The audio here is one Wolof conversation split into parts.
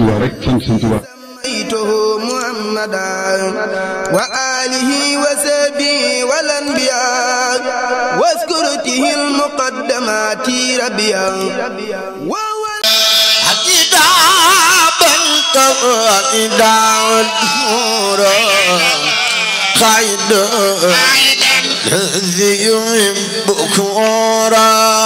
waa سميته محمدا وآله وسبي والأنبياء واذكرته المقدمات ربيا حتى بنك وإداء النور خيد الذي يمبكورا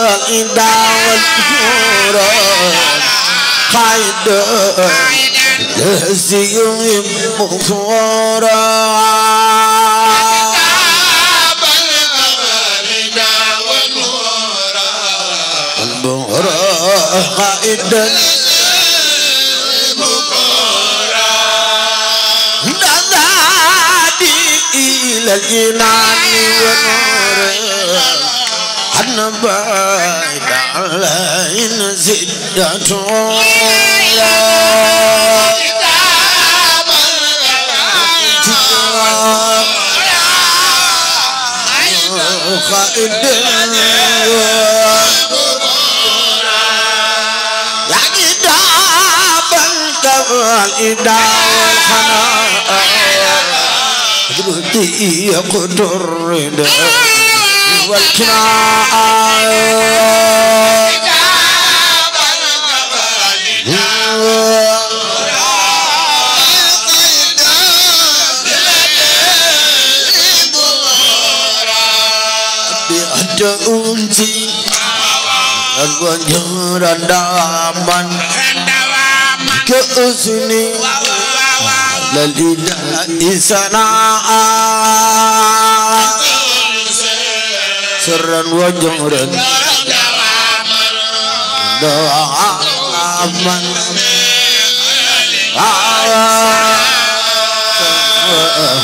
الإدا والنور قائد لهزيهم مفورا قائدا نادي إلى الإيمان والنور أن بعد علينا زدة خائد يقدر والقناع unti Alwanjur andaman Ke usni Lalila isana'an سرا وجهرا دواما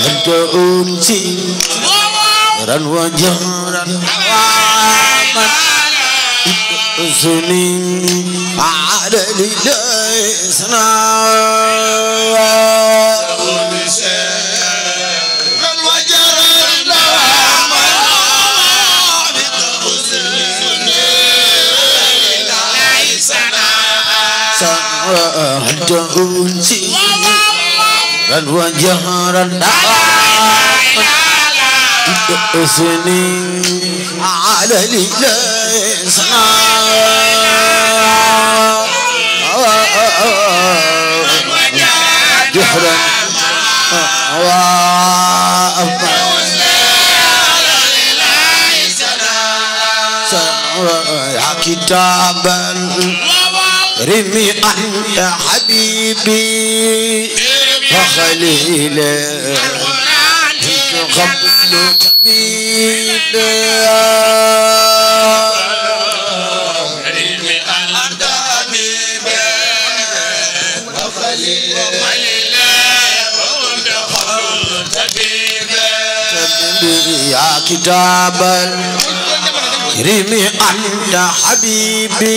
أنت أنسي سرا وجهرا دواما سنين على لسنا جهرت أنسي رن وجهرت سنين على الإسلام جهرا وأفضل كتاب ارمي أهل حبيبي وخليلا قبل تبيلا يا كتابا كريمي أنت حبيبي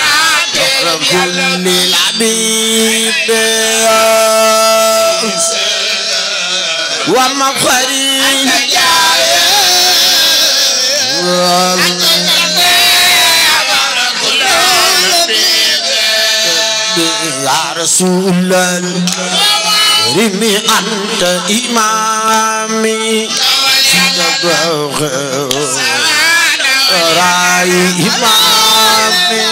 كل العبيد ومفخرين يا رسول الله أنت إمامي رأي إمامي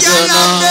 Yeah.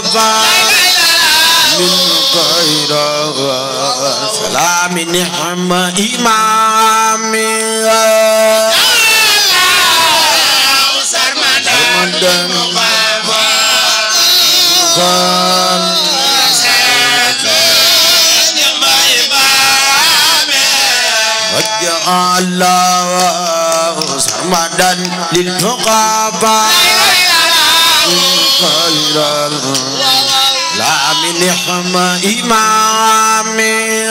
الصفا من غير سلام نعم إمامي سرمدا مخافا الله سرمدا للتقى خيرا لا من نحمة إمامي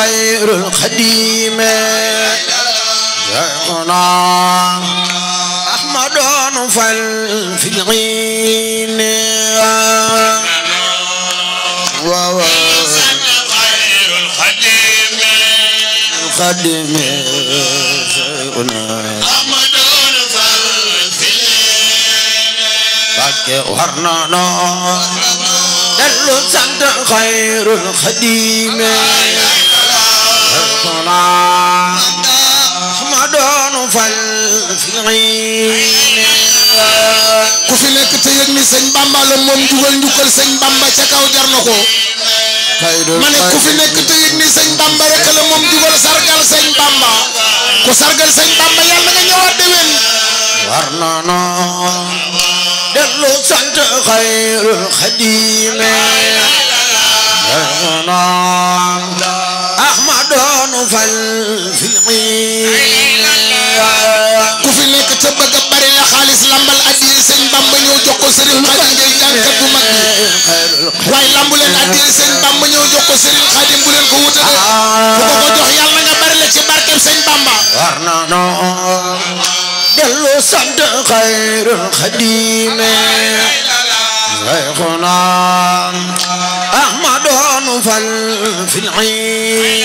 خير القديم شيخنا أحمد فل القدم شيئنا أمدون فالفلين بك ورنانا دل سند خير الخديم ربنا أمدون فالفلين ku fi nekk te yëg ni sëñ Bamba la moom dugal njukkal sëñ Bamba ca kaw jar na ko ma ne ku fi nekk te yëg ni sëñ Bamba rek la moom jugal sargal sëñ Bamba ku sargal sëñ Bamba yàlla nga ñëwaat déwén war na noo dellu sant xayrul xadime war na noo ahmadoon fal filmi ku fi nekk te bëgg a la xaalis lambal addi sëñ Bamba ñëw jox ko sëriñ jàngkat bu mag bi waaye lambu leen addiyee sëñ Bamba ñëw jox ko Serigne Khadim bu leen ko wutalee bu ko ko jox yàlla nga bari la ci barkeb sëñ Bamba war na noo dellu sant xayrul xadime شيخنا أحمد نفل في العين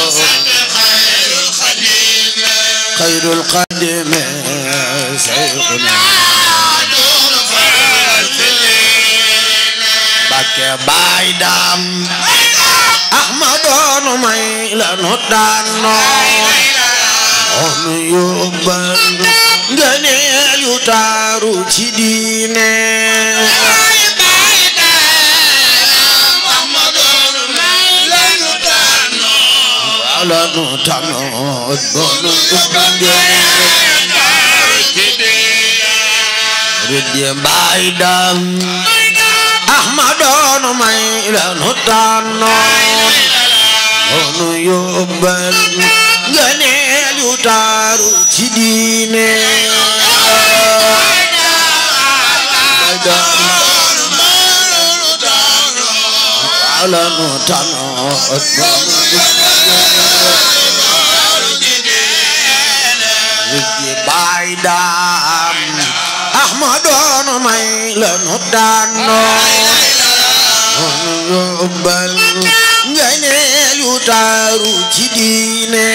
زيد القدم شيخنا بك بايدام أحمد نميلا ندانو on yóbbal ngëneel yu taaru ci diine lanu tanu bonu riddi bay dam ahmadon may lanu tanu onu yóbbal ganeel yu taaru ci diine lanu tanu baay daam ahmadoon may la nu daanoon nu yóbbal ngeneel taaru ci diine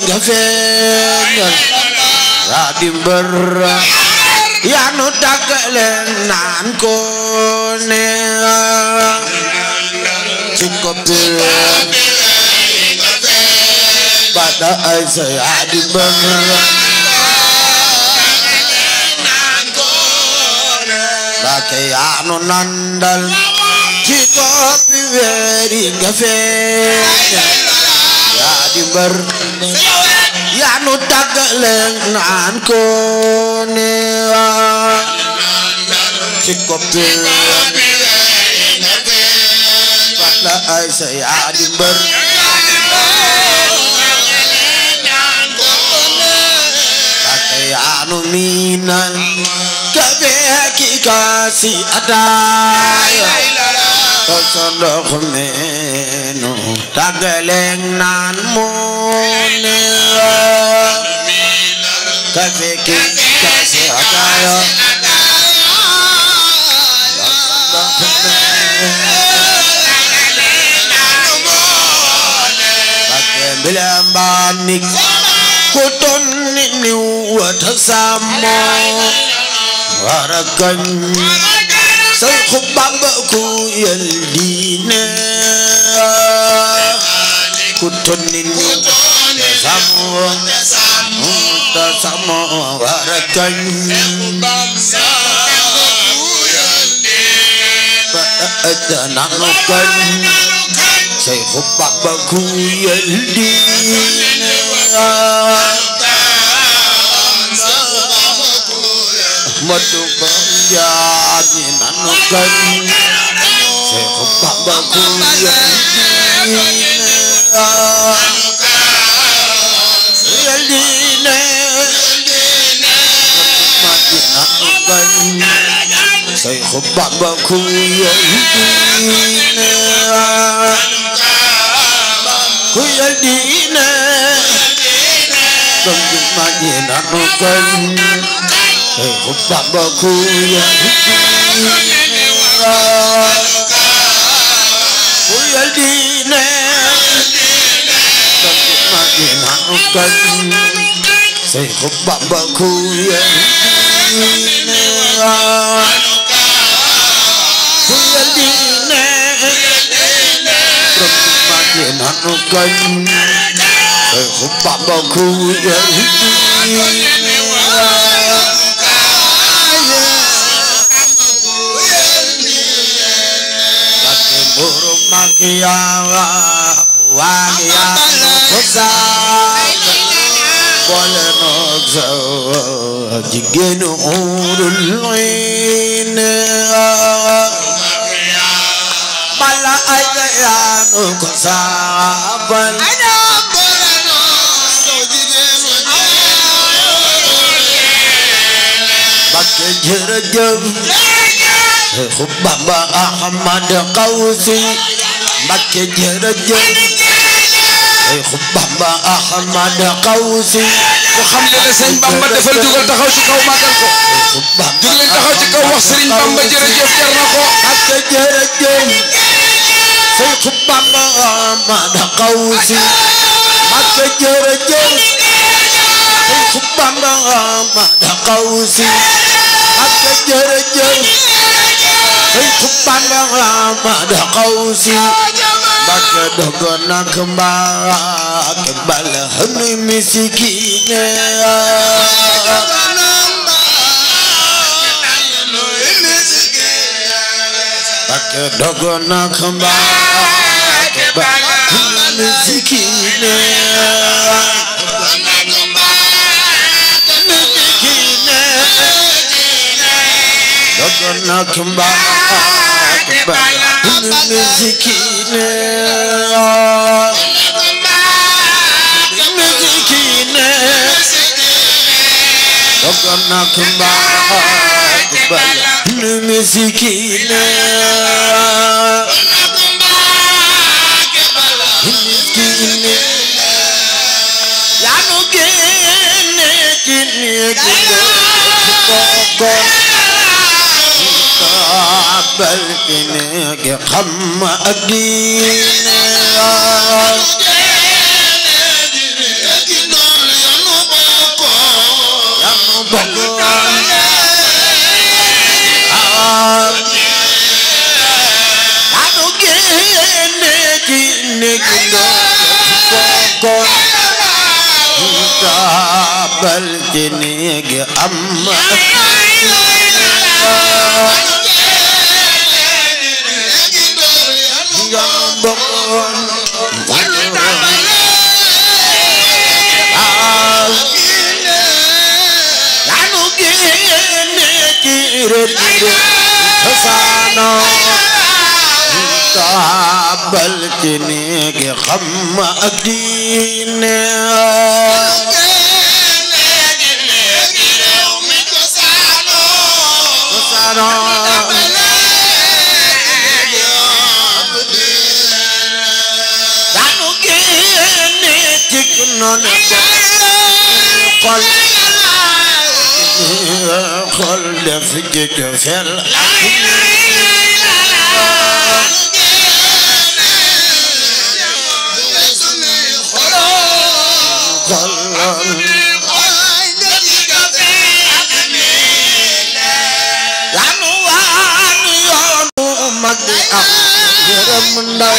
nga feeñal yaa di mbër yaa nu tàggale naan ko ne ci koppi bada ay sa yaa di mbër baake yaa nu nandal ci koppi weeri nga yaa di mbër yaa nu tàggale naan ko ne ci koppi la ay sa yaa di mbër yaa nu miinal ka bee ki kaasi ataaya tàggaleeg naan mu ne kafe ki kafe ataaya bileen baa nik ku ton ni ni wata samo warakan say ku bamba ku yel diine kutonini tasamu tasamu warakan Nanukan Saya hupak baku yeldi Madu bangya Nanukan ẹsẹ̀ kó pàgbà kúrò yẹn. Sẹ̀yìn kó pàgbà kúrò yẹn. Kuya dina Tumbi manye na nukan Hey, kupa bakuya dina Say Baba Kuya Dine Kuya Dine Kuya Dine Kuya Dine Say Baba ìyàwó wà yà kúta bọ́lẹ̀ náà zọ jìgẹ́ ní òórùn lóyìn bala ayé yanu kúta bọ́lẹ̀. jërëjëf xubaba ahmad kawsi Mbakke jërëjëf ay xub Bamba Ahmad Xawsi ku xam ne la sëñ Bamba defal jógal taxaw ci kaw màggal ko kaw wax sëriñ Bamba jërëjëf jar na ko Mbakke jërëjëf ay xub Bamba Ahmad Xawsi Mbakke jërëjëf ay xub Bamba Ahmad Xawsi Mbakke jërëjëf tuban rama da qawsi baka dogo nak mbaa kebal hami misikine baka dogo nak mbaa kebal hami misikine Cennetim bak bak Müzikine Müzikine ne bak bak Müzikine Müzikine ne gene gene gene gene gene bal dina gi xam ak diine bal ci néegi am بلکہ نیک غم ادینے xol xol def jëjë fel lanu waan yoonu mag di am yërëm ndaw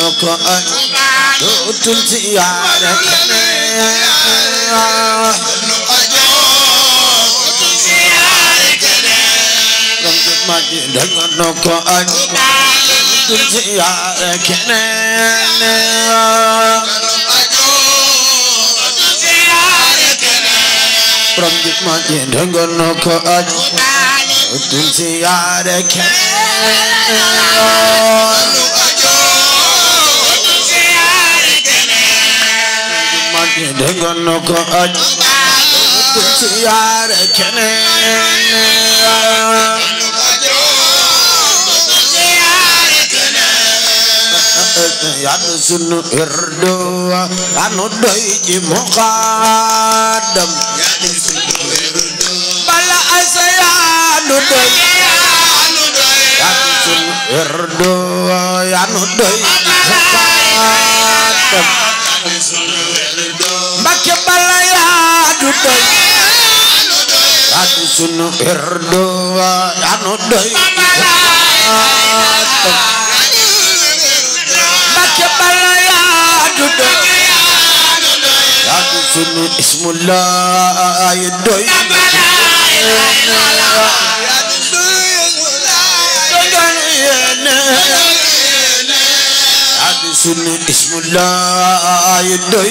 ko ay dootul ziyaare keneen dëggoon na ko aj ci yaare keneen yàgg sunu irdo anu doy ci muqaddam bala asa yaanu doy yàgg sunu irdo anu doy ci muqaddam sunu perdo wa anu doy bakke bala ya du doy ya du sunu ismullah ay doy sunu ismullah ay doy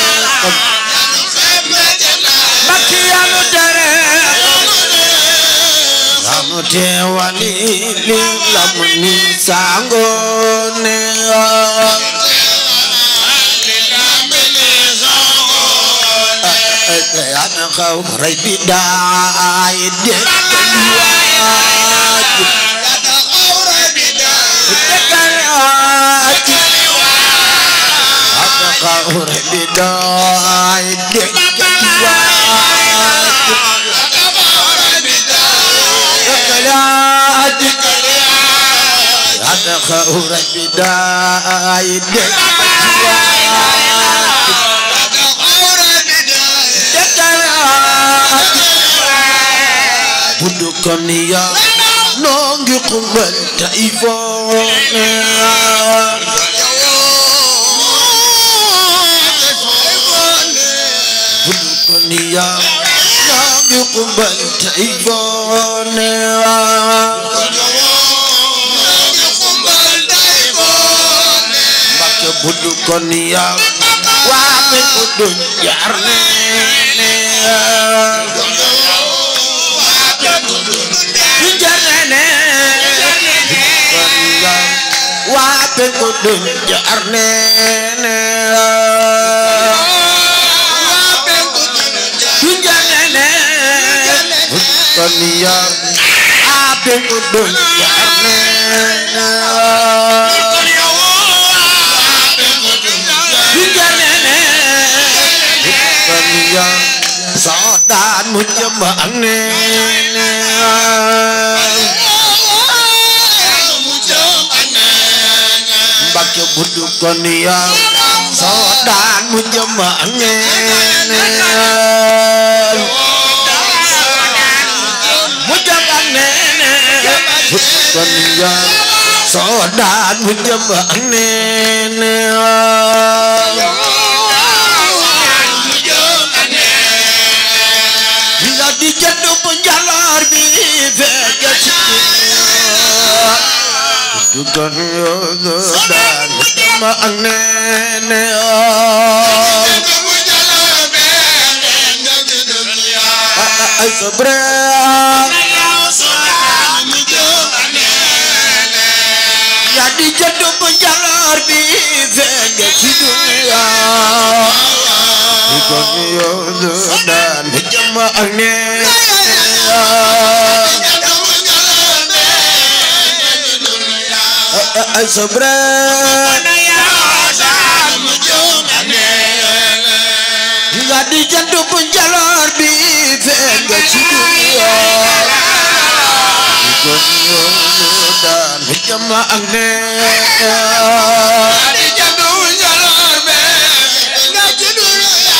teewali li lam ni sangoone ana xaw rey bi daay dekkal waaju dekkal waaju ana xaw rey bi daay dekkal خور بداية Budukan ya nongi kumbal taifon Budukan ya nongi kumbal taifon buddu kon yaa waa mi buddu jaar neene waa mi buddu jaar waa mi buddu jaar neene đàn ăn bắt cho được con sodaan munjam anne bakyo budu konia sodaan munjam anne munjam anne budu konia sodaan ăn anne dugal yoo daal dama ak neene yoo ay sobre yaa di jënd bu jaloor bi feeñ ci dunya dugal yoo daal dama ak neene sobra nga di jënd bu njaloor bi fee nga ci duniya kon yoonu daan bi jama ak ne di jënd bu njaloor bi nga ci duniya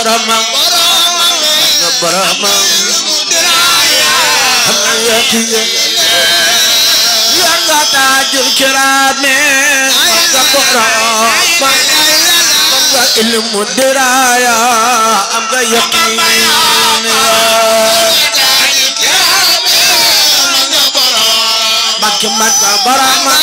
boromam nga boromam xam na yéeti yé yor nga taajul kiraame nga boromam nga ilmu diraaya am nga yaqiin Bakki man nga boromam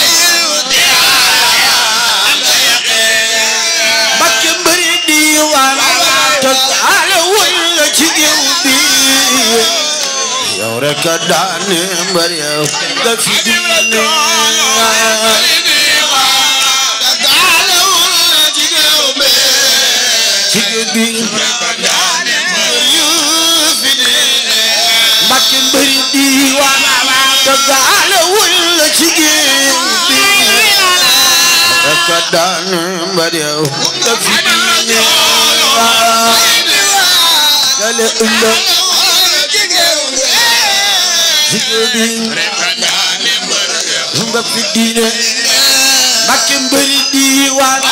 yow rek a daane mbar yow nga fi diine Mbàkke mbëri diiwaan dagaale wul la jigéen bi rek a daane mbar yow nga fi diine jigéen nga fi diine Mbakke mbëri diiwaan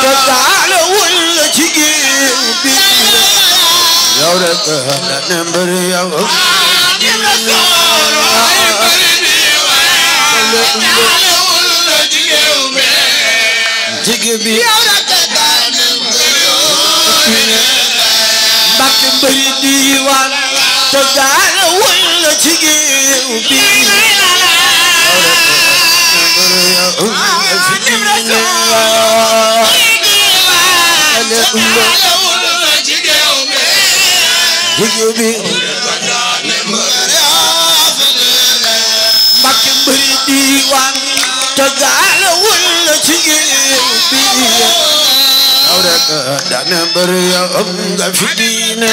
te daala wul la jigéen bi yow rek la ne mbëri yow jigéen bi Mbakke mbëri diiwaan te daala wul la ci géew bi Mbakke mbëri diiwaan te gaala wul la ci géew bi aw rek dana mbëri ya am nga fi diine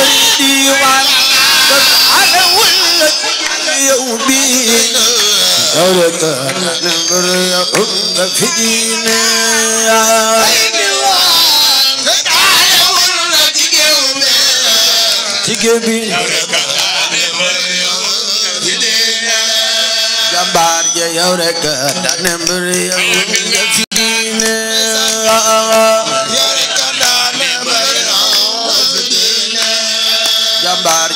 sëriñ diwaan kon ana wala ci yow diina yow rek na mbër ya um nga fi diine jigéen bi jàmbaar ja yow rek na mbër ya um nga fi diine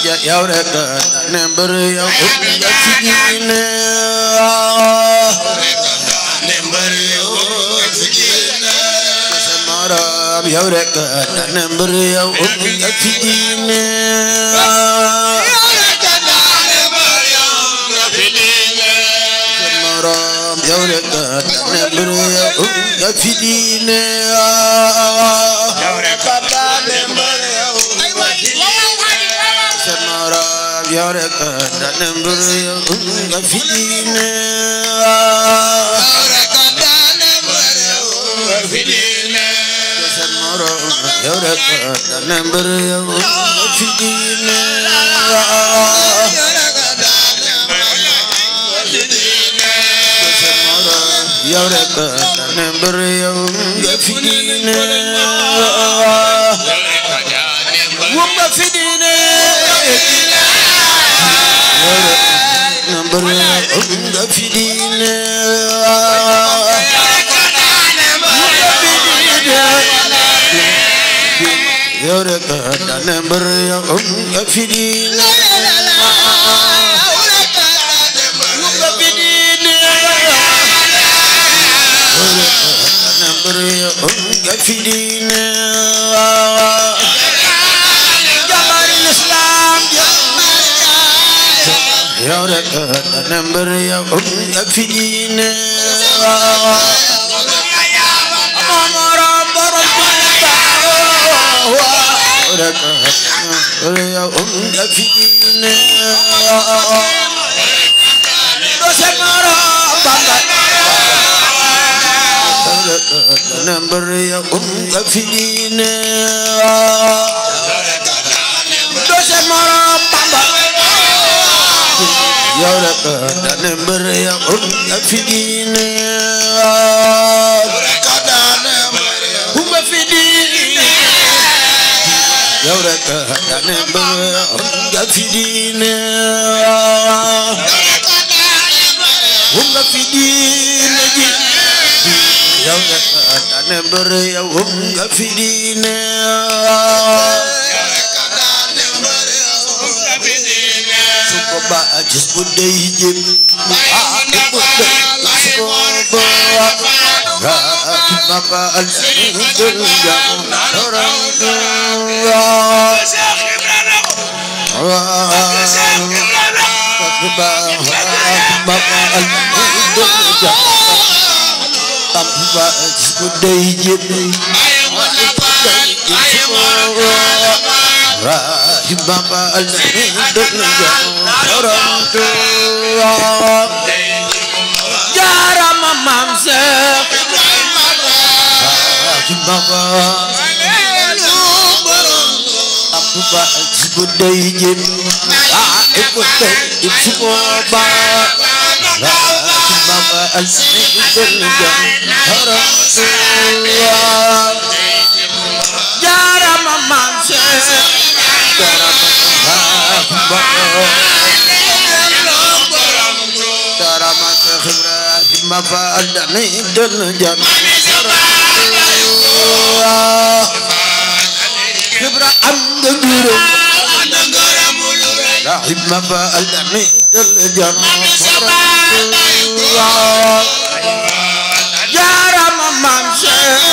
ja yow rek ne mbër yow ja ci diine ne mbër yow ci diine sa morom yow rek ne mbër yow ja ci diine yow rek ne mbër yow ja ci diine yow rek dana mbër yow nga fi diine ah. Yürek dönem bir yağım öfidin na mbër ya ak fi diine na mbër ya ak fi daan mbër ya hum fi diine hum fi diine yow rek daan mbër ya hum fi diine hum fi diine ji yow rek daan mbër ya hum fi diine Just put the hijab Kenapa Al-Sahidul yang orang tua Kenapa Al-Sahidul yang tanpa Just put the hijab di Bamba al na do jaramtu jarama mam se di Bamba lu borom aku ba jibu day jim a ikote ipsuko ma faal dani dël jan xibra am nga ngërëm rahib ma faal dani dël jan jaarama maam Cheikh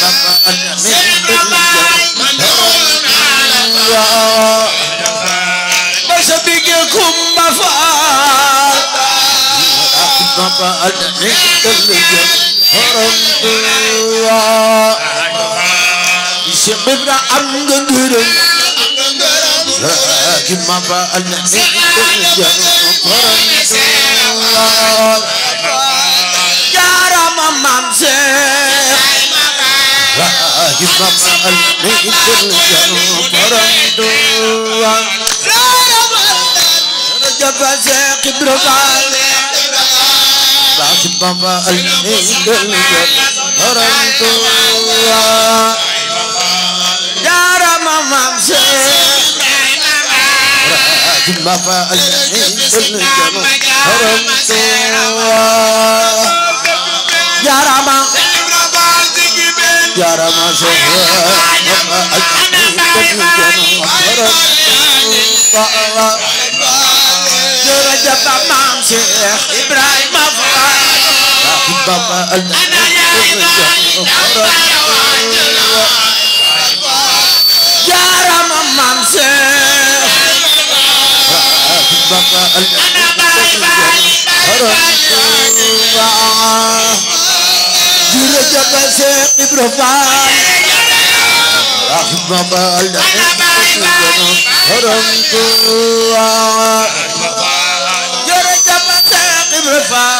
rahib ma faal dani dël jan بابا أدعي كل حرم شيخ ببرا عند غرم لكن ما بقى أدعي كل حرم يا رب مامزيخ lagi bapak ini kerjaan barang doang Raja Bazak Ibrahim أكبر الإنك الجبرنت الله دار ممسي أكبر الإنك الجبرنت الله يا رما يا رما شهر أكبر الجبرنت الله جرجب ممسي إبراهيم بابا أنا يا رب مام بابا أنا باي باي جيرو جبا سيخ إبرفان رحمة بابا أنا باي باي هرمتو جيرو جبا سيخ إبرفان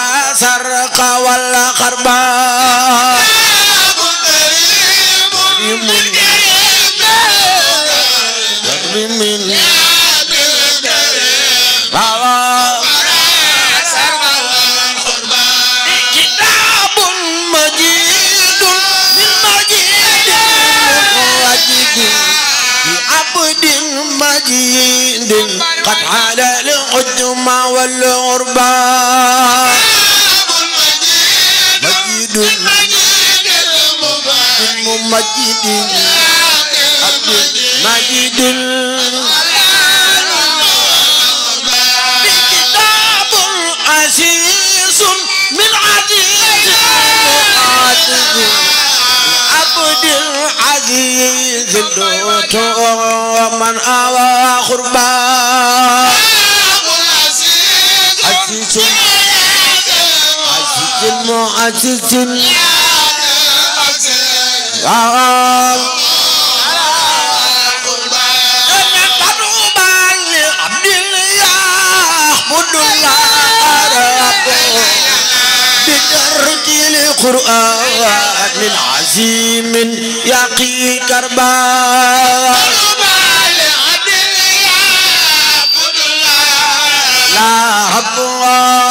xarbaa قد على القدم والعربان مجيد عبد المجيد بكتاب عزيز من عزيز عبد العزيز اللوتو من آوى خربان عزيز عزيز المعزز القرآن من عزيم يقي كربا لا حبوا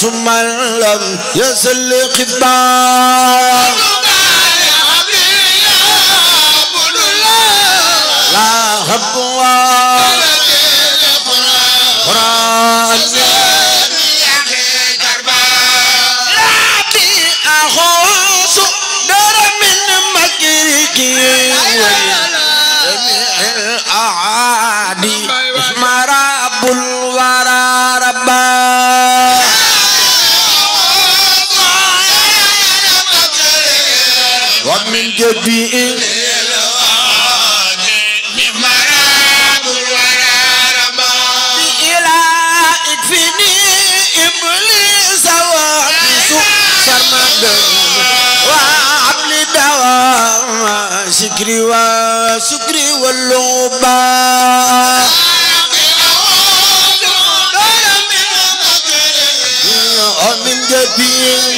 ثم لم يزل خطبان نبي وعمل دوام شكري وشكري واللوبا من جديد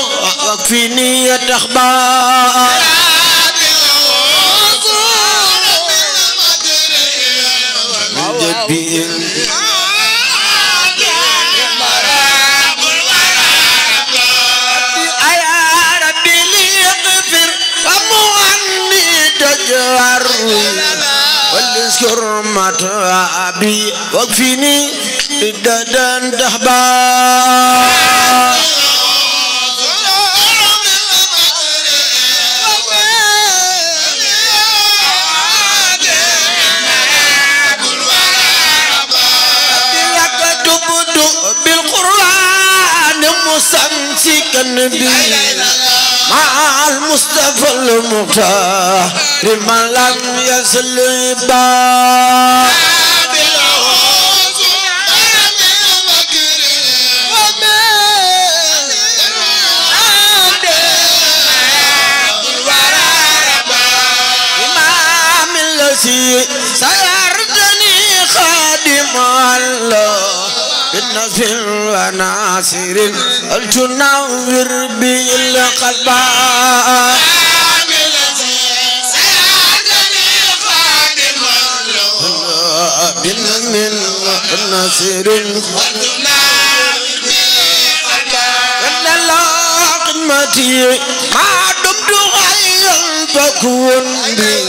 fi niya tax ba حرمة أبي واكفني بددا دهبا النبي مع المصطفى المختار من لم يزل باب سيردني خادم الله بالنصر وناصر الجنة وربي القلب بالنصر والنصر خدمتي ما دمت فكون بي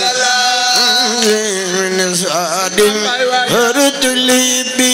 من صادم هرد لي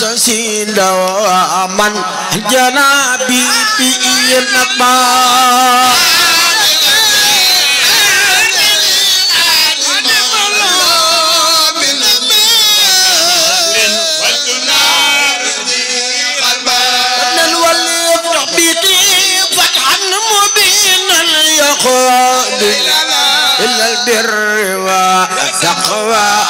سوسي دوما جنابي في نبا البر والتقوى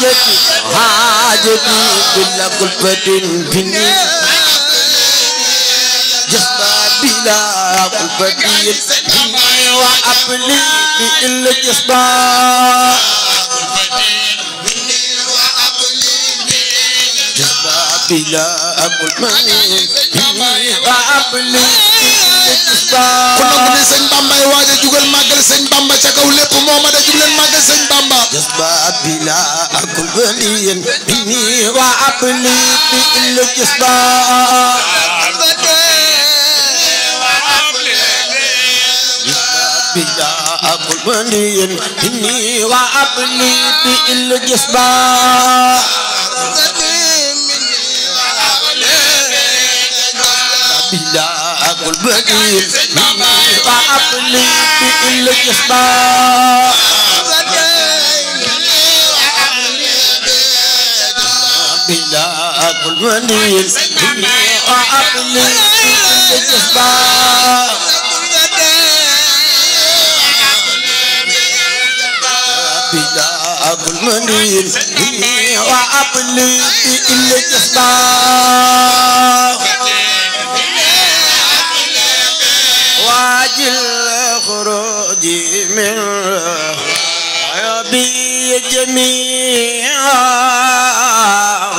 ki haaj ki billa gulbatin bhini jasta dila gulbatin bhini wa apni bhi ill jasta gulbatin wa apni bhi jasta kon nag mu ne sëñ Bamba ay waaj a jugal màggal sëñ Bamba ca kaw lépp moo ma da jug leen màggal sëñ Bamba. jës ba abila ak bëliyeen bi nii waa abli bi il jës ba. abila ak bëliyeen bi nii waa abli bi il jës ba. والبديل ضعف لي بكل إصبار بلا كل وليل ضعف لي بكل إصبار أبو المنير وأبو اللي إلا جسدان من عربي جميعا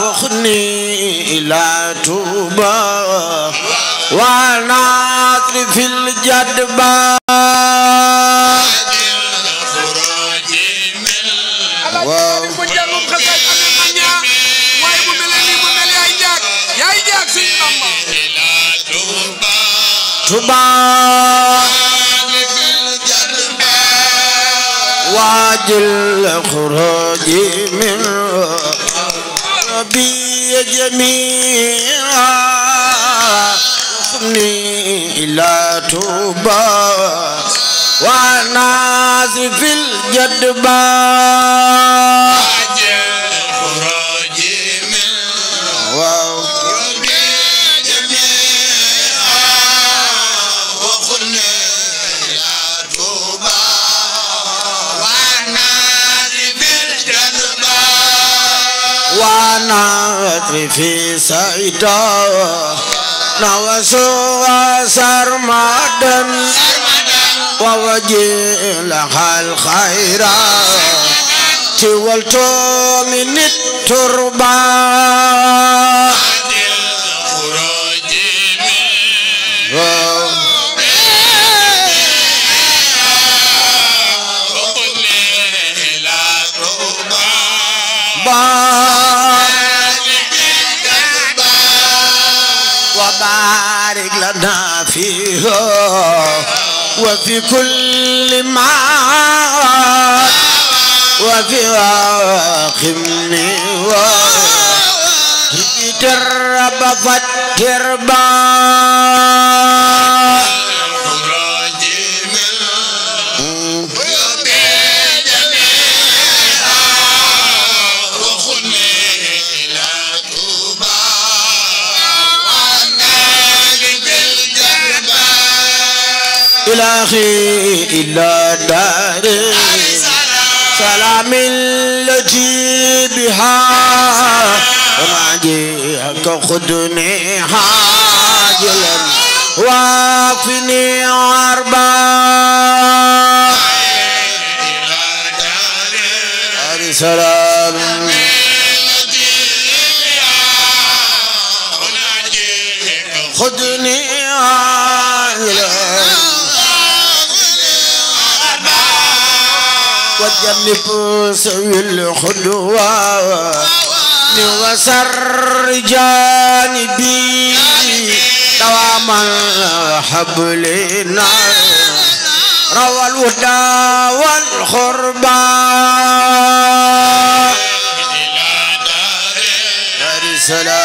وخني إلى توبة وناطر في الجدبة وعاجل خروجي من ربي جميعا وخمني إلى توبا وعناز في الجدبة في سعيدا نوسوا سرمدا ووجه لها الخيرات والت من التربه في كل معاد وفراق النوار تربطت تربان أخي دار سلام التي بها راجيك خدني حاجلا واقفني عربا سلام لبوس الخلوة وسر جانبي دوام حبلنا روى الوداع والخربى إلى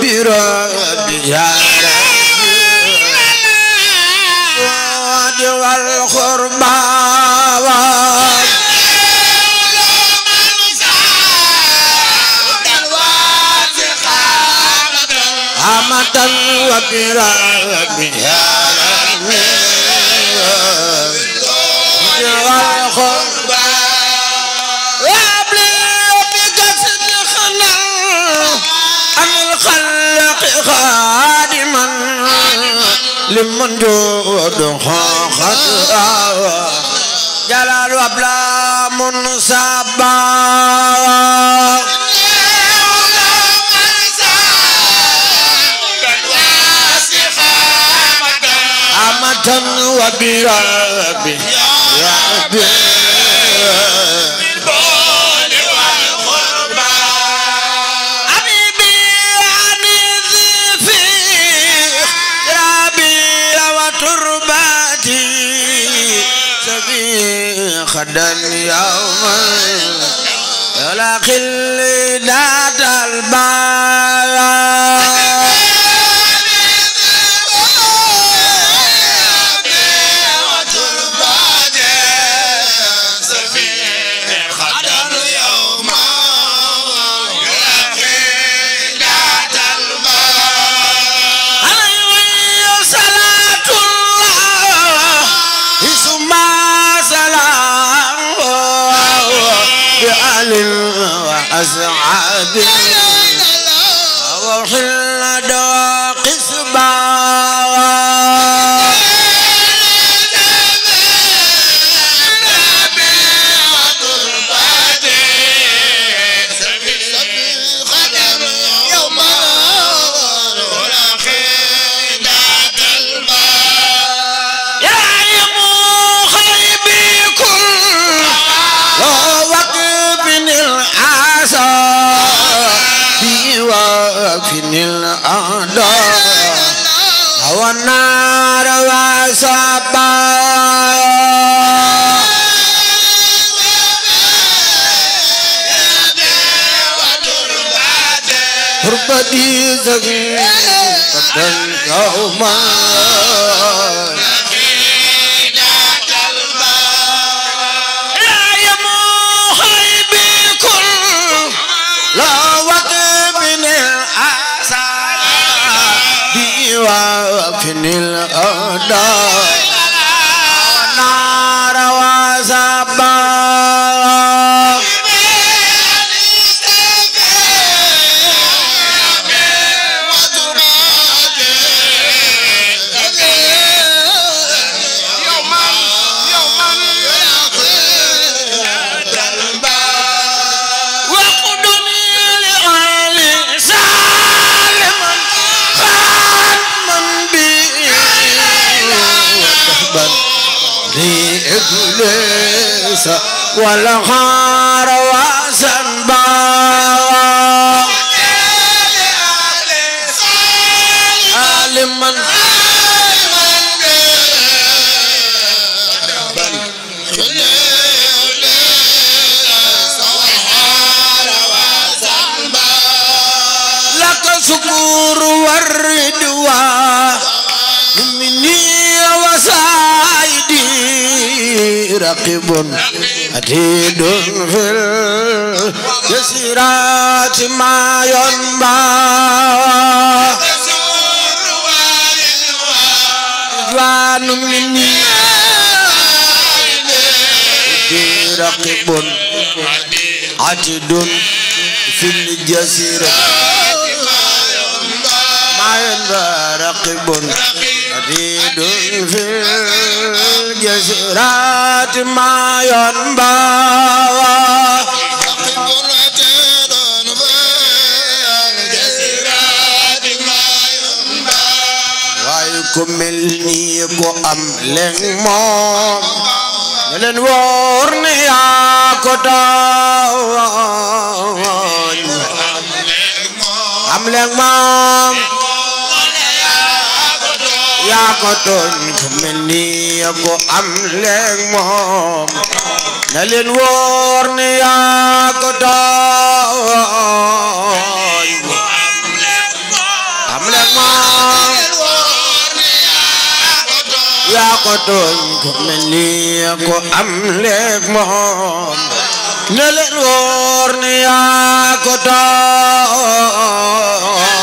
بربي يا ربي والخربان وبربي منجود خوخت آوا جلال وابلا منصبا أمة وبرب يا ربي دم يوم يلاقي اللي داد الباب حديثك قد يوما وفي الأداء والغار وزنبا عالما لك سكور والردوى مني وسعيدي رقيب أتيد في الجسيرات ما ينبع رضوان مني رقب عتد في الجسيرة ما ينبع رقب عتد في يسرات ما ينبغى ku mel nii ku am leen moom ne leen wóor ne yaa ko daawoon am leen moom yaa ko tooñ ku mel ni ko am leeg moom na leen wóor ni yaa ko tooñ am ko tooñ ku mel ni ko am leeg moom na leen wóor ni yaa ko tooñ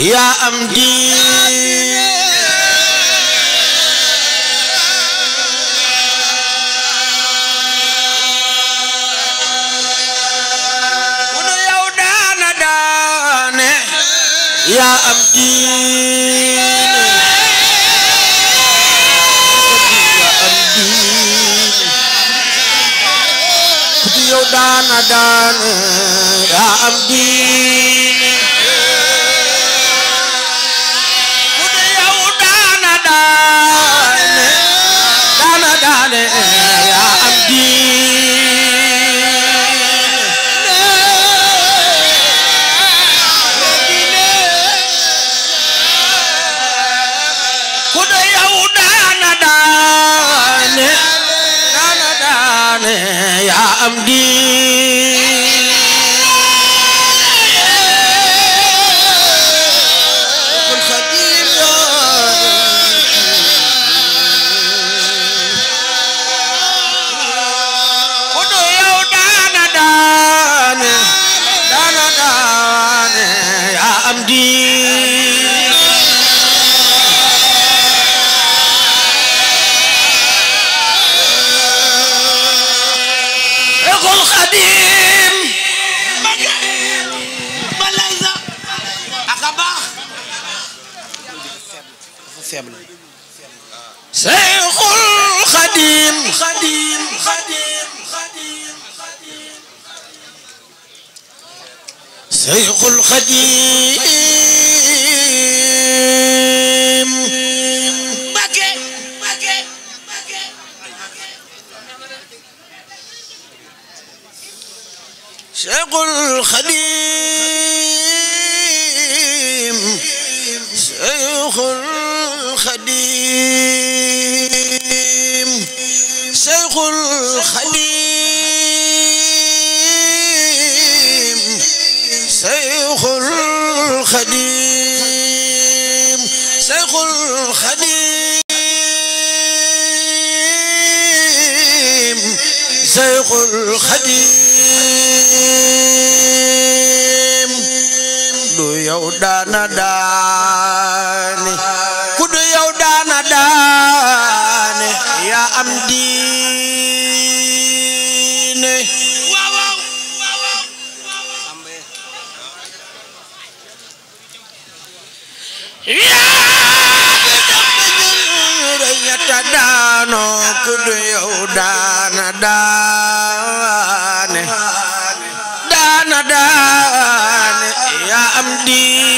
yaa am diin ku am diin ku am diin am di Bajee شيخ الخديم دو يو دانا داني كدو يو دانا داني يا أمديني Yeah! ku du yow daana daane daana daane yaa am di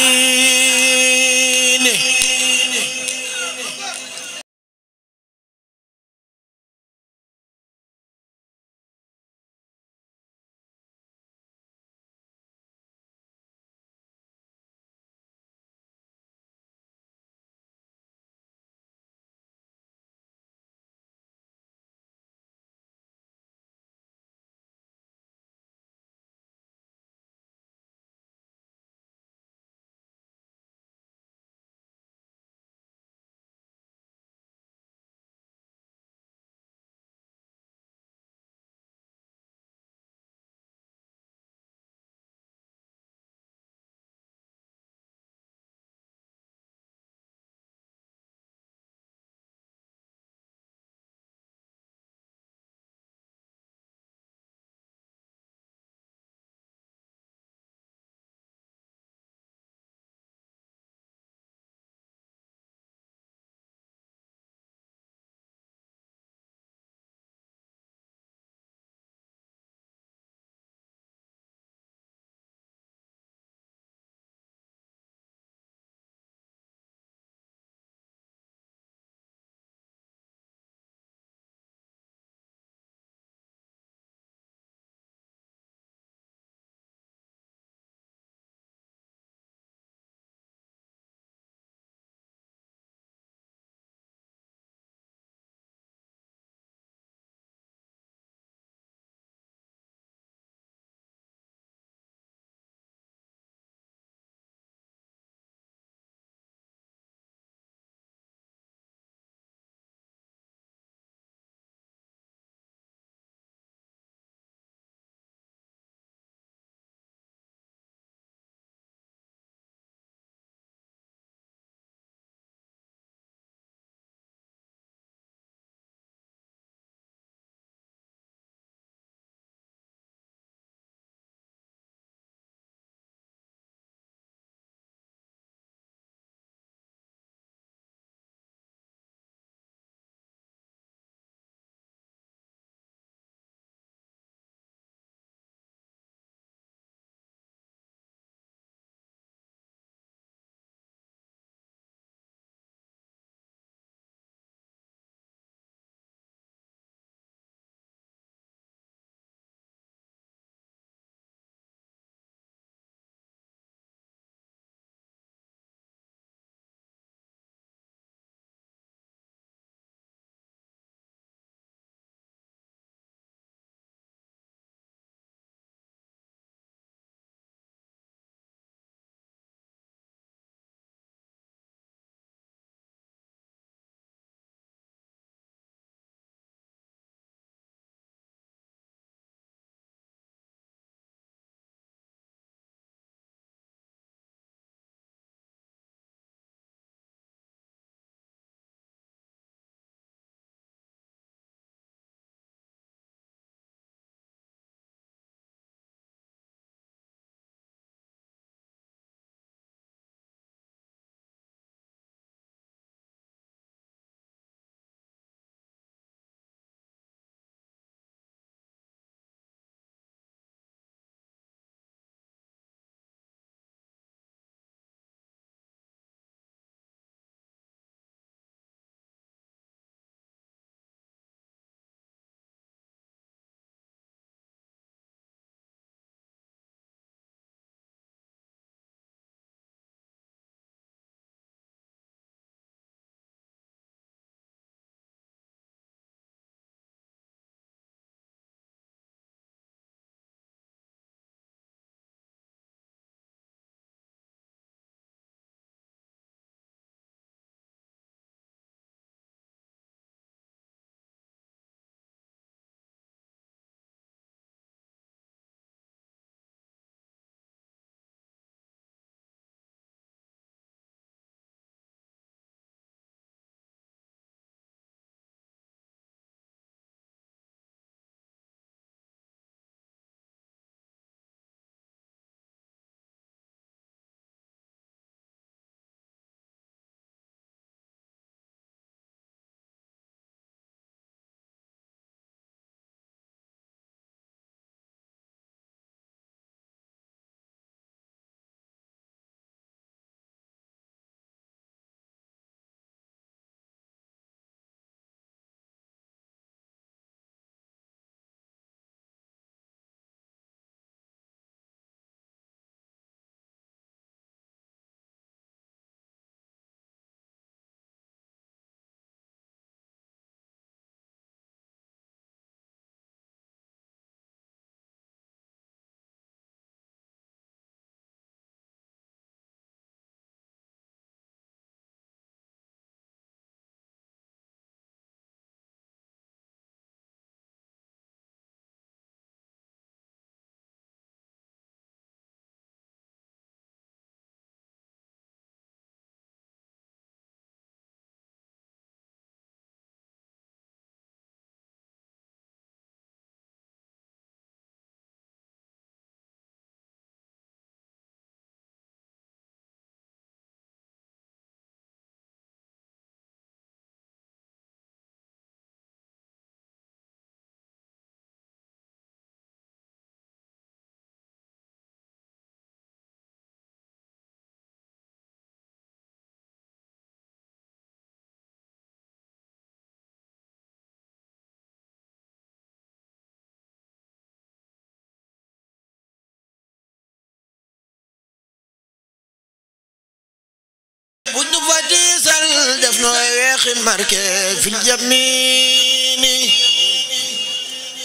شيخ المركز في اليمين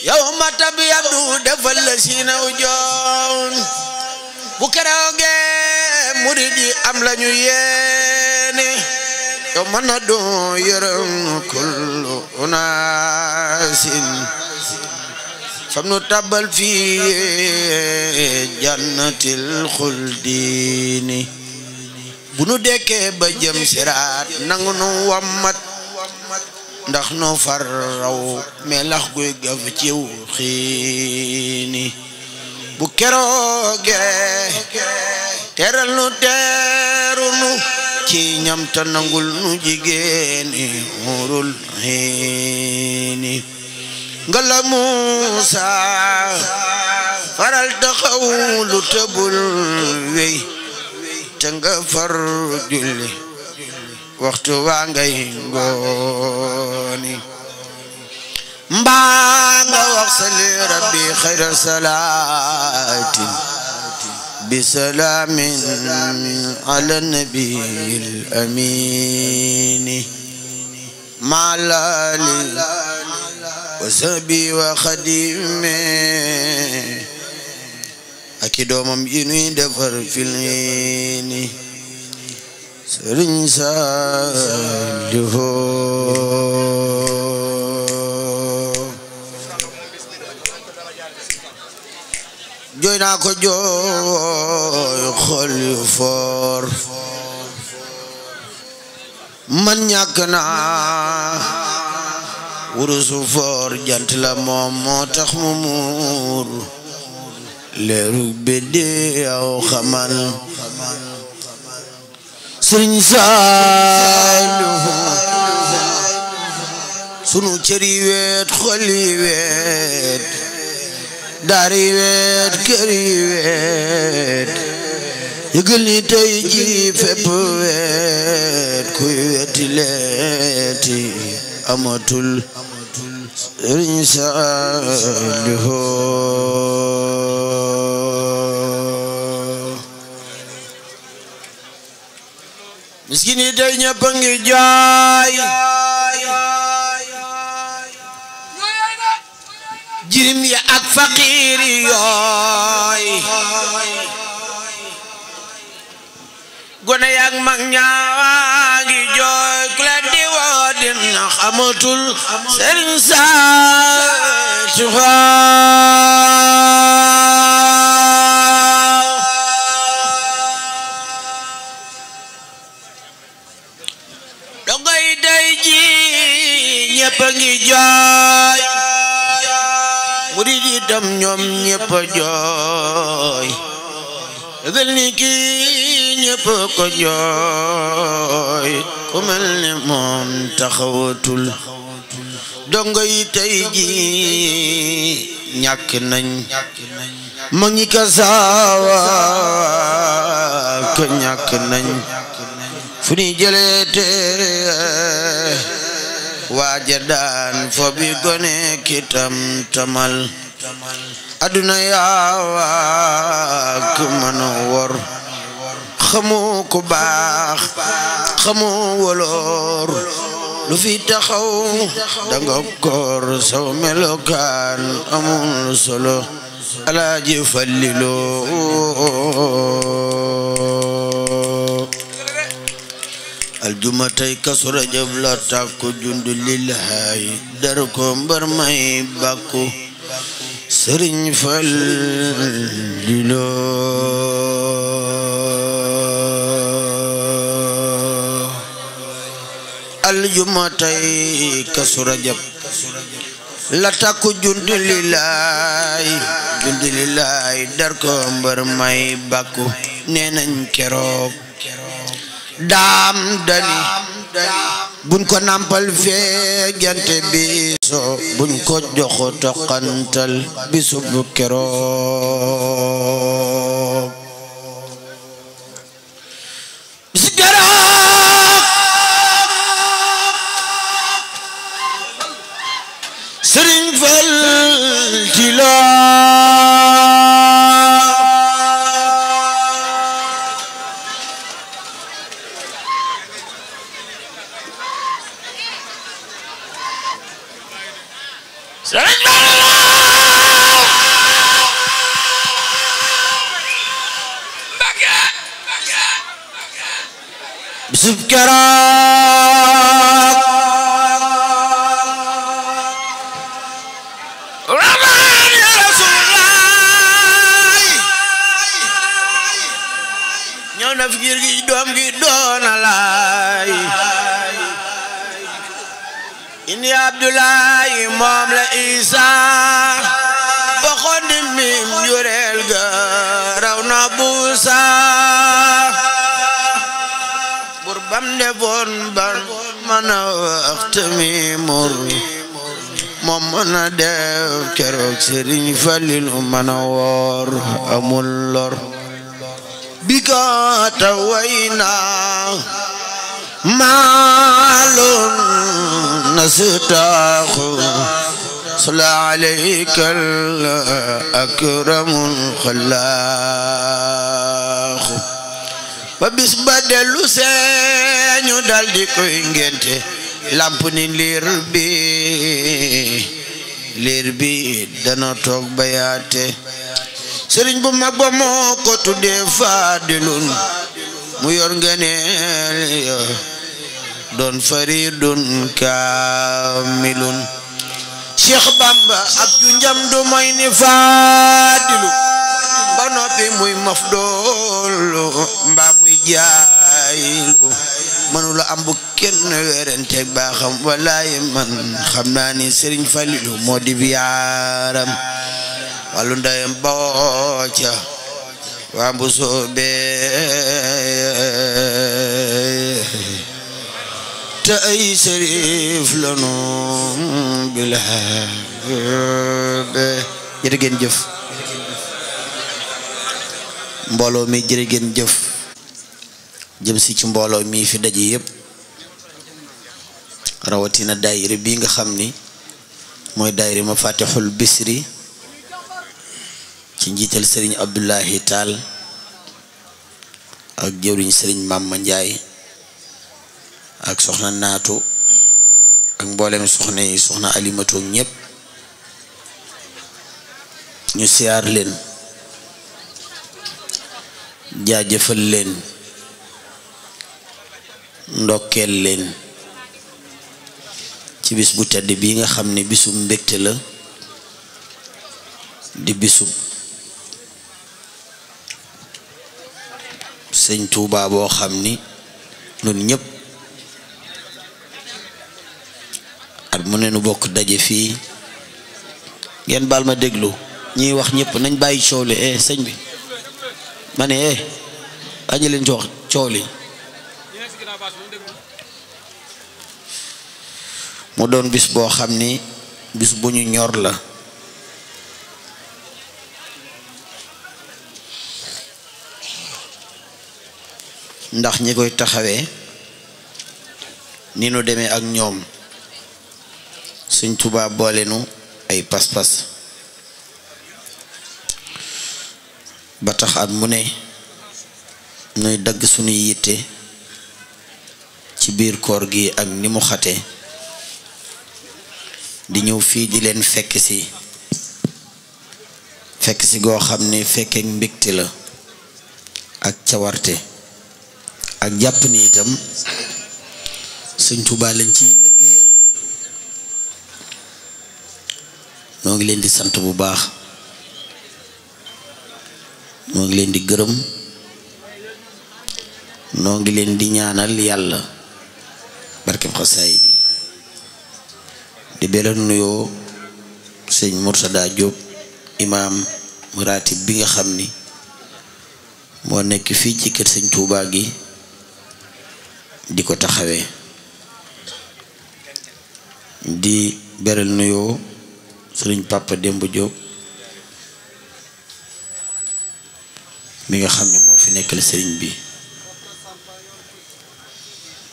يوم تبيض دفل سين وجون بكراوغي مريدي املا لا يوم ندو يرم كل ناس فمن تبل في جنة الخلدين bu nu dekkee ba jëm siraat nangu nu wammat ndax nu far raw melax guy gaf ciw xiini bu keroogee teral nu teeru nu ci ñam ta nangul nu jigéeni muurul xiini nga la Muusa faral taxaw lu tëbul wey تنغ فرجلي وقت وانغي غوني مبانغ وقصل ربي خير صلاتي بسلام على النبي الأمين مع الله وسبي وخديمه ak i doomam yi nuy defar filini sëriñ Saalihu jooy naa ko jooy xol foor man ñàkk naa wurusu foor jant la moom moo tax mu muur leeru biddi aw xamal Sëriñ Saalihu sunu cëri weet xoli weet dari weet këri weet yëgal ni tey ji fépp weet kuy weeti leeti amatul رساله مسكين يدي نبنجي جاي jirim ya ak faqiir yooy gone ya ak kenn xamatul sëriñ Saaliw dongoy day ji ñëpp a ngi jooy murid yi ñoom ñëpp a ñëpp ko jooy ku mel ni moom taxawatul dongo yi tey ji ñàkk nañ ma ngi kasaawa ko ñàkk nañ fu ni jëlee téere waaja daan fo bi gone kitam tamal aduna yaawa ku mën a wor xamoo ku baax xamoo woloor lu fi taxaw danga koor saw melokaan amul solo alaaji falliloo aljuma tey kasu rajab la tàkku jundu lillaay dar ko mbar may bàkku sëriñ falliloo aljumatay kasu rajab la takku jundu lillaay jundu ko mbër may bàkku nee keroog daam dani buñ ko nampal fee gente buñ ko jox toqantal bisu keroog isa waxoon ni mim jureel raw na buusa bur bam defoon ba mën a waxta mi mur moom mën a def keroog Sëriñ Falilu mën a woor amul lor bi ka tawayna maalun nasutaaxu أصلى عليك الأكرم الخلاق ba bis dellu seeñu dal di koy ngénte làmp ni liir bi liir bi dana toog ba yaate bu mag ba moo ko faadilun mu yor ngeneel doon faridun kaamilun Cheikh Bamba ab ju njam du moy ni faadilu ba noppi muy maf doolu mbaa muy jaayilu mënula am bu kenn werante baaxam walaay man xam naa ni sëriñ Falilu moo di biyaaram wàllu booca waa soobee te ay sërif lanu bilaabe jërë ngeen jëf mbooloo mi jërë ngeen jëf jëm si ci mbooloo mi fi daje yépp rawatina daayira bi nga xam ni mooy daayira ma fatixul bisri ci njiital sëriñ abdullahi taal ak jëwriñ sëriñ mamma njaay ak soxna naatu ak mboolem soxna yi soxna alimatoog ñépp ñu siyaar leen jaajëfal leen ndokkeel leen ci bis bu tedd bii nga xam ne bisub mbégte la di bisub sëñ Tuubaa boo xam ni nun ñépp mu ne nu bokk daje fii ngeen baal ma déglu ñiy wax ñëpp nañ bàyyi coow li eh bi mane ne eh añu leen coow li mu doon bis boo xam ni bis bu ñu ñor la ndax ñi koy taxawee ni nu demee ak ñoom suñ tubaab boole nu ay pas-pas ba tax ak mu ne nuy dagg suñuy yitte ci biir koor gi ak ni mu xate di ñëw fii di leen fekk si fekk si goo xam ne fekkee mbégte la ak cawarte ak jàpp ni itam Sëñ Tuubaa ci noo leen di sant bu baax noo ngi leen di gërëm noo ngi leen di ñaanal yàlla barkeb xasaay bi di beleen nuyoo sëñ Murtada Diop imaam ratib bi nga xam ni moo nekk fii ci kër sëñ tuubaa gi di ko taxawee di beral nuyoo sëriñ Papa démb Diop mi nga xam ni moo fi nekkal sëriñ bi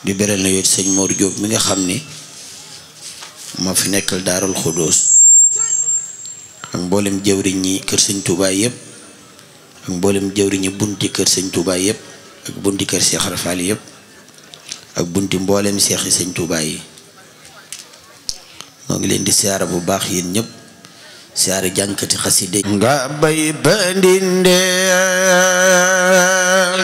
di beral na yoot sëñ Mor Diop mi nga xam ni moo fi nekkal daarul xudóos ak mboolem jëwriñ kër sëñ Touba yëpp ak mboolem jëwriñ ñi bunti kër sëñ Touba yëpp ak bunti kër Cheikh Rafal yëpp ak bunti mboolem seexi sëñ Touba yi noo leen di siyaara bu baax yéen ñëpp siyaara jànkati xaside nga bay ba ndindeel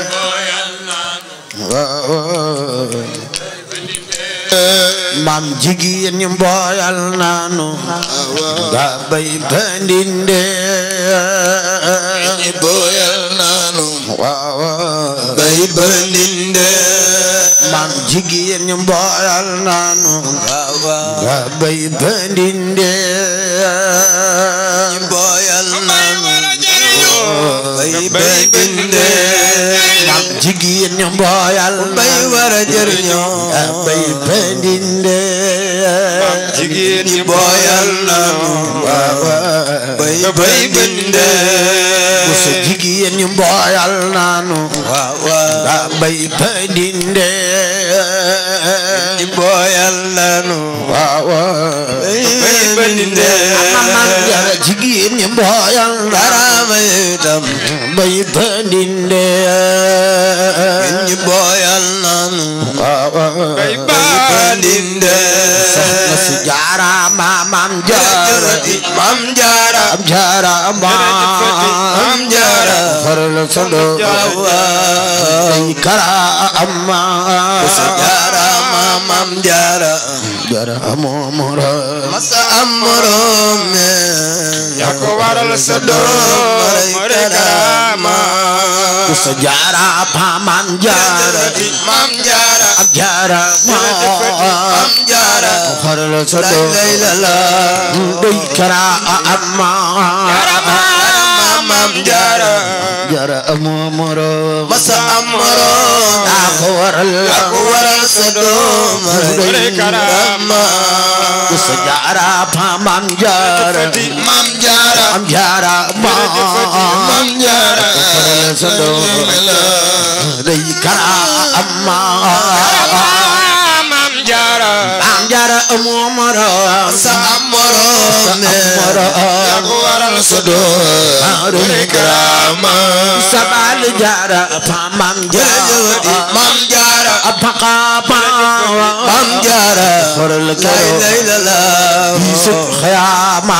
maam jigéen ñi mbooyal naanu nga bay ba ndindeel mbooyal naanu waaw bay ba ndindeel maam jigéen ñi mbooyal naanu nga bay bandinde boyal bay bandinde nak jigéen ñi boyal bay wara jariño nga bay bandinde jigéen di booyal lanu waaw bay ba dinde la jara jigéen ñi booyal dara bay tam bay ba dinde bay balinde soxna si jaara maam jaara maam jaara maam jaara maam jaara farla sando ay kara amma si jaara maam jaara jaara amoro masa amoro me yako waral sando mare kara ma si jaara pa maam jaara maam jaara am jaara am jaara mu xarala sa doom day kara am ma am jaara jaara amoo moroom masa am moroom daa ko waral daa ko waral sa doom rey karama ku sa jaara pa maam jaara maam jaara am jaara pa maam jaara waral sa doom rey karama jaara amoo moroom sa am moroom yaa ko waral sa doom buri karaama sa baal jaara pa mam jaara mam jaara pa qaapa mam jaara la ilaha illallah bisu xiyaama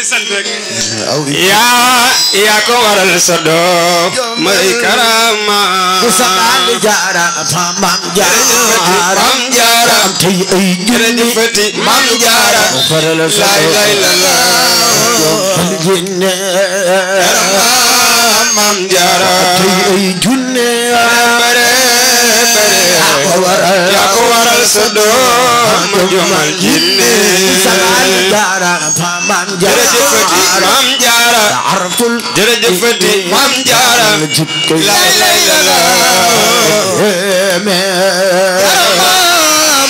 di sant rek yaa yaa ko waral sa doom may karama sa bandi jaara mam jaara mam jaara tey ay jëri fati mam jaara faral sa doom mam jaara tey ay junne yaa ko waral sa doom jumal jinne jërëjëfati maam jaara artul jërëjëfati maam jaara la la la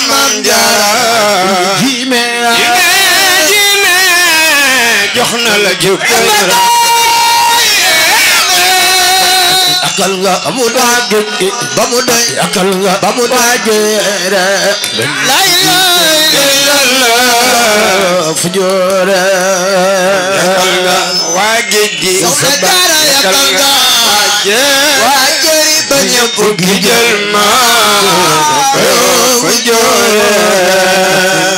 maam jaara jime jime jox na la jikko akal nga amu doy ba mu doy akal nga ba mu doy la la fujura waajib gi sa baara yakal nga waajib ba ñëpp gi jël ma fujura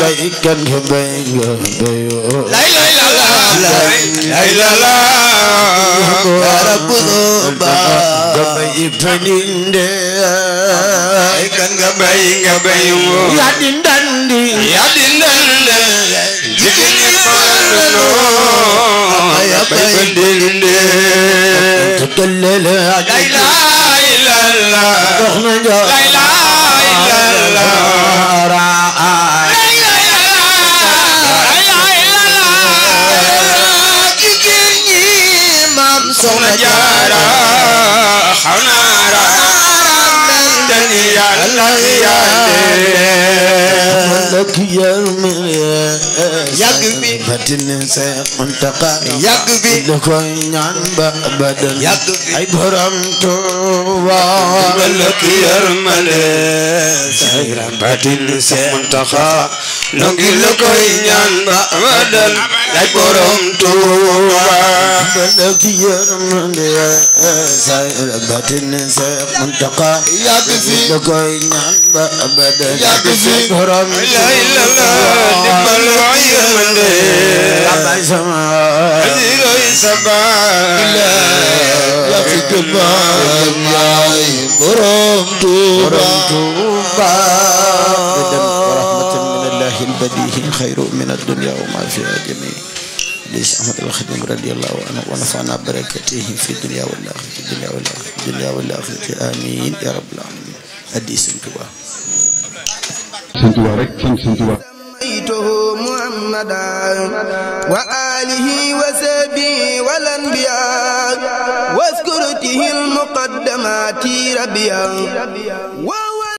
bay kan nga bay nga bayoo lay lay la la lay la la karabudo ba bay paninde ay kan nga bay nga ya dindan ya dindan Yeah. yàgg bi batin a Muntaqa yàgg bi da koy ñaan ba abadan yàgg bi ay borom Touba ëllëg yërmale sayran batin si Muntaxa noo ngi la koy ñaan ba abadan laaj borom Touba ëllëg yërmale sayran batin si Muntaxa yàgg fi la koy ñaan ba abadan yàgg fi borom la ilala dimbal yërmale abay sama aziroy saba la fi borom Tuuba dem rahmatan min allah albadihi xayru min addunya wa ma fiha jami lis ahmad alxadim radiyallahu anhu wa nafana barakatihi fi dunya wal axirati dunya wal axirati dunya wal axirati amin ya rabbal alamin addi Sëñ Tuuba Sëñ Tuuba rek sant Sëñ Tuuba سميته محمدا وآله وسبي والأنبياء واذكرته المقدمات ربيا